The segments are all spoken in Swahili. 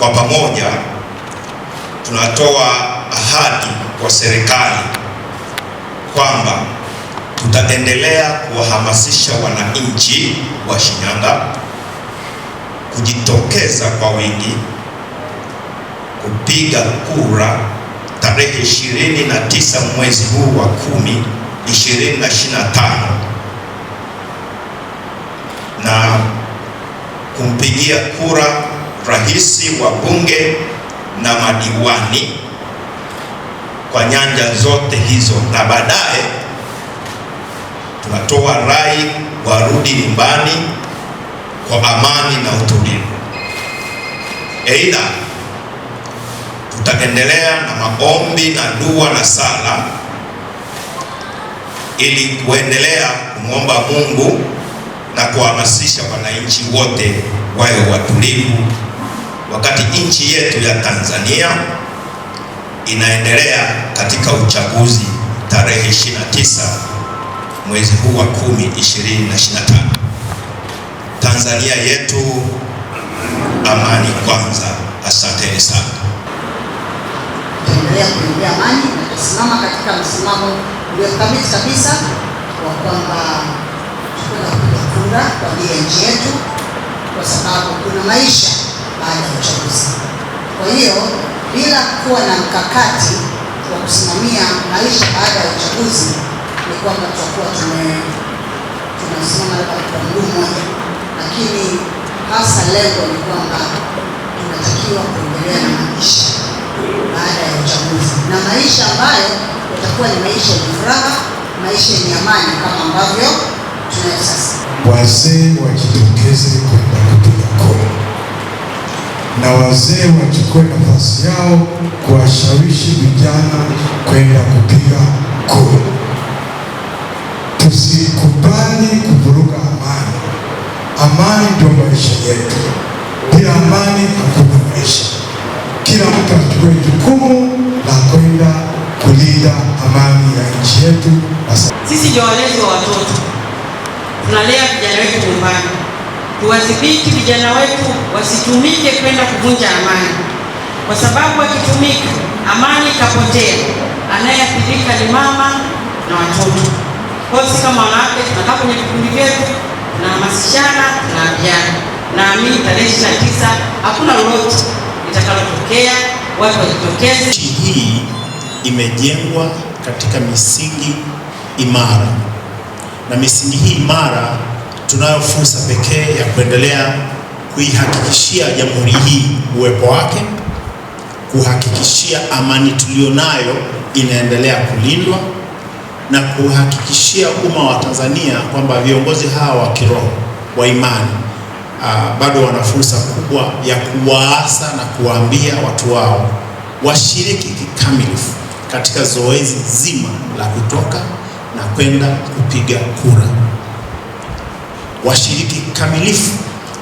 kwa pamoja tunatoa ahadi kwa serikali kwamba tutaendelea kuwahamasisha wananchi wa Shinyanga kujitokeza kwa wingi kupiga kura tarehe 29 mwezi huu wa 10 2025 na kumpigia kura rais wa bunge na madiwani kwa nyanja zote hizo, na baadaye tunatoa rai warudi nyumbani kwa amani na utulivu. Aidha, tutaendelea na maombi na dua na sala ili kuendelea kumwomba Mungu na kuhamasisha wananchi wote wawe watulivu wakati nchi yetu ya Tanzania inaendelea katika uchaguzi tarehe 29 mwezi huu wa 10 2025. Tanzania yetu amani kwanza. Asanteni sana. Endelea kuimbea amani na kusimama katika msimamo uliothabiti kabisa wa kwamba tunapiga kura kwa ajili ya nchi yetu, kwa sababu kuna maisha baada ya uchaguzi. Kwa hiyo bila kuwa na mkakati wa kusimamia maisha baada ya uchaguzi, ni kwamba tutakuwa tume tunasimama labda kwa mguu mmoja, lakini hasa lengo ni kwamba tunatakiwa kuendelea na maisha baada ya uchaguzi na maisha ambayo yatakuwa ni maisha ya furaha, maisha yenye amani kama ambavyo tunayo sasa. Wazee wajitokeze kwenda na wazee wachukue nafasi yao kuwashawishi vijana kwenda kupiga kura. Tusikubali kuvuruga amani. Amani ndio maisha yetu, bila amani hakuna maisha. Kila mtu achukue jukumu la kwenda kulinda amani ya nchi yetu. Sisi ndio walezi wa watoto, tunalea vijana wetu nyumbani tuwadhibiti vijana wetu wasitumike kwenda kuvunja amani, kwa sababu akitumika amani itapotea, anayeathirika ni mama na watoto. Kwa hiyo sisi kama wanawake tunakaa kwenye vikundi vyetu, tunahamasishana, na vijana. Naamini tarehe ishirini na tisa hakuna lolote litakalotokea, watu wajitokeze. Nchi hii imejengwa katika misingi imara, na misingi hii imara tunayo fursa pekee ya kuendelea kuihakikishia jamhuri hii uwepo wake, kuhakikishia amani tuliyonayo inaendelea kulindwa na kuhakikishia umma wa Tanzania kwamba viongozi hawa wa kiroho wa imani aa, ah, bado wana fursa kubwa ya kuwaasa na kuwaambia watu wao washiriki kikamilifu katika zoezi zima la kutoka na kwenda kupiga kura washiriki kamilifu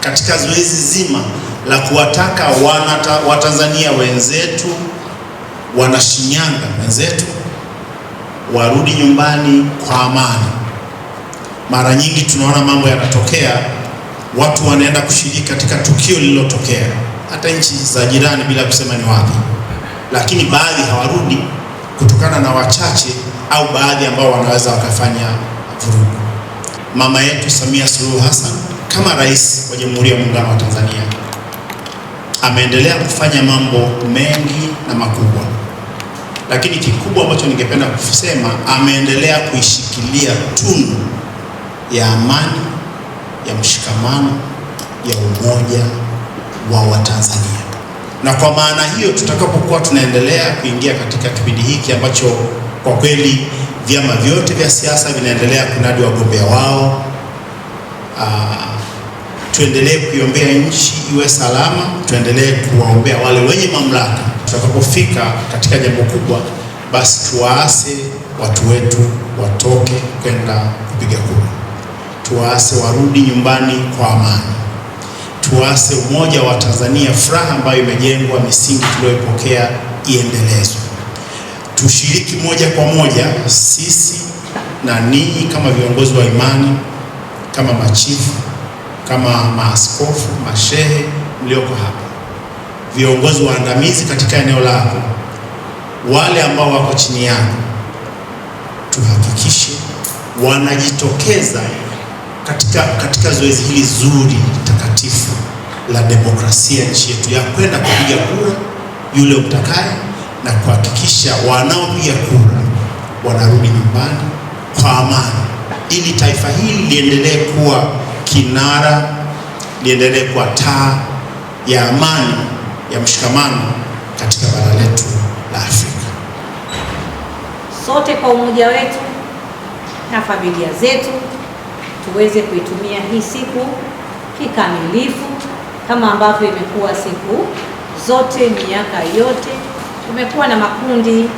katika zoezi zima la kuwataka wanata, Watanzania wenzetu Wanashinyanga wenzetu warudi nyumbani kwa amani. Mara nyingi tunaona mambo yanatokea, watu wanaenda kushiriki katika tukio lililotokea hata nchi za jirani bila kusema ni wapi, lakini baadhi hawarudi kutokana na wachache au baadhi ambao wanaweza wakafanya vurugu mama yetu Samia Suluhu Hassan kama rais wa Jamhuri ya Muungano wa Tanzania ameendelea kufanya mambo mengi na makubwa, lakini kikubwa ambacho ningependa kusema, ameendelea kuishikilia tunu ya amani, ya mshikamano, ya umoja wa Watanzania. Na kwa maana hiyo, tutakapokuwa tunaendelea kuingia katika kipindi hiki ambacho kwa kweli Vyama vyote vya siasa vinaendelea kunadi wagombea wao. Ah, tuendelee kuiombea nchi iwe salama, tuendelee kuwaombea wale wenye mamlaka. Tutakapofika katika jambo kubwa, basi tuwaase watu wetu watoke kwenda kupiga kura, tuwaase warudi nyumbani kwa amani, tuwaase umoja wa Tanzania, furaha ambayo imejengwa, misingi tuliyopokea iendelezwe tushiriki moja kwa moja sisi na ninyi kama viongozi wa imani, kama machifu, kama maaskofu, mashehe mlioko hapa, viongozi waandamizi katika eneo lako, wale ambao wako chini yako, tuhakikishe wanajitokeza katika, katika zoezi hili zuri takatifu la demokrasia nchi yetu ya kwenda kupiga kura yule utakaye na kuhakikisha wanaopiga kura wanarudi nyumbani kwa amani, ili taifa hili liendelee kuwa kinara, liendelee kuwa taa ya amani, ya mshikamano katika bara letu la Afrika. Sote kwa umoja wetu na familia zetu tuweze kuitumia hii siku kikamilifu kama ambavyo imekuwa siku zote miaka yote. Kumekuwa na makundi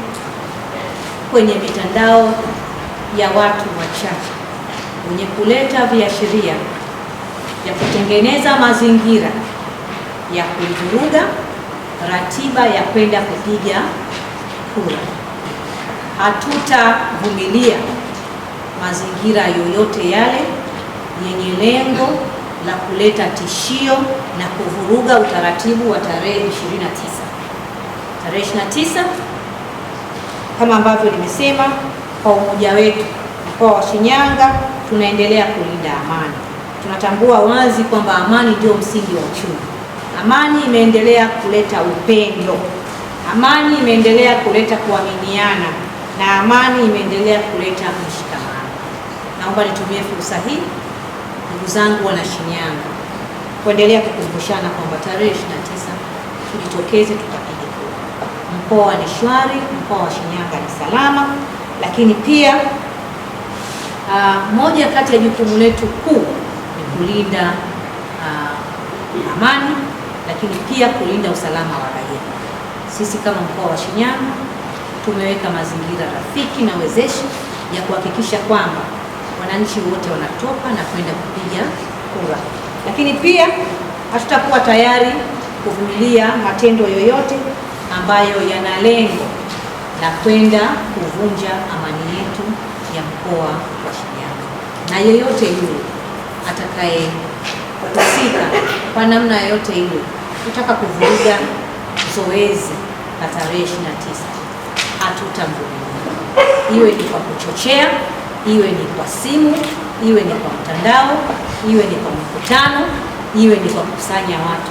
kwenye mitandao ya watu wachache wenye kuleta viashiria vya kutengeneza mazingira ya kuivuruga ratiba ya kwenda kupiga kura. Hatutavumilia mazingira yoyote yale yenye lengo la kuleta tishio na kuvuruga utaratibu wa tarehe 29 tarehe 29 kama ambavyo nimesema, kwa umoja wetu mkoa wa Shinyanga tunaendelea kulinda amani. Tunatambua wazi kwamba amani ndio msingi wa uchumi. Amani imeendelea kuleta upendo, amani imeendelea kuleta kuaminiana, na amani imeendelea kuleta mshikamano. Naomba nitumie fursa hii, ndugu zangu wana Shinyanga, kuendelea kukumbushana kwamba tarehe 29 tujitokeze tuta mkoa ni shwari, mkoa wa Shinyanga ni salama. Lakini pia uh, moja kati ya jukumu letu kuu ni kulinda uh, amani, lakini pia kulinda usalama wa raia. Sisi kama mkoa wa Shinyanga tumeweka mazingira rafiki na wezeshi ya kuhakikisha kwamba wananchi wote wanatoka na kwenda kupiga kura, lakini pia hatutakuwa tayari kuvumilia matendo yoyote ambayo yana lengo la kwenda kuvunja amani yetu ya mkoa wa Shinyanga, na yeyote yule atakayehusika kwa namna yoyote ile kutaka kuvuruga zoezi la tarehe 29 hatutamvumilia, iwe ni kwa kuchochea, iwe ni kwa simu, iwe ni kwa mtandao, iwe ni kwa mkutano iwe ni kwa kusanya watu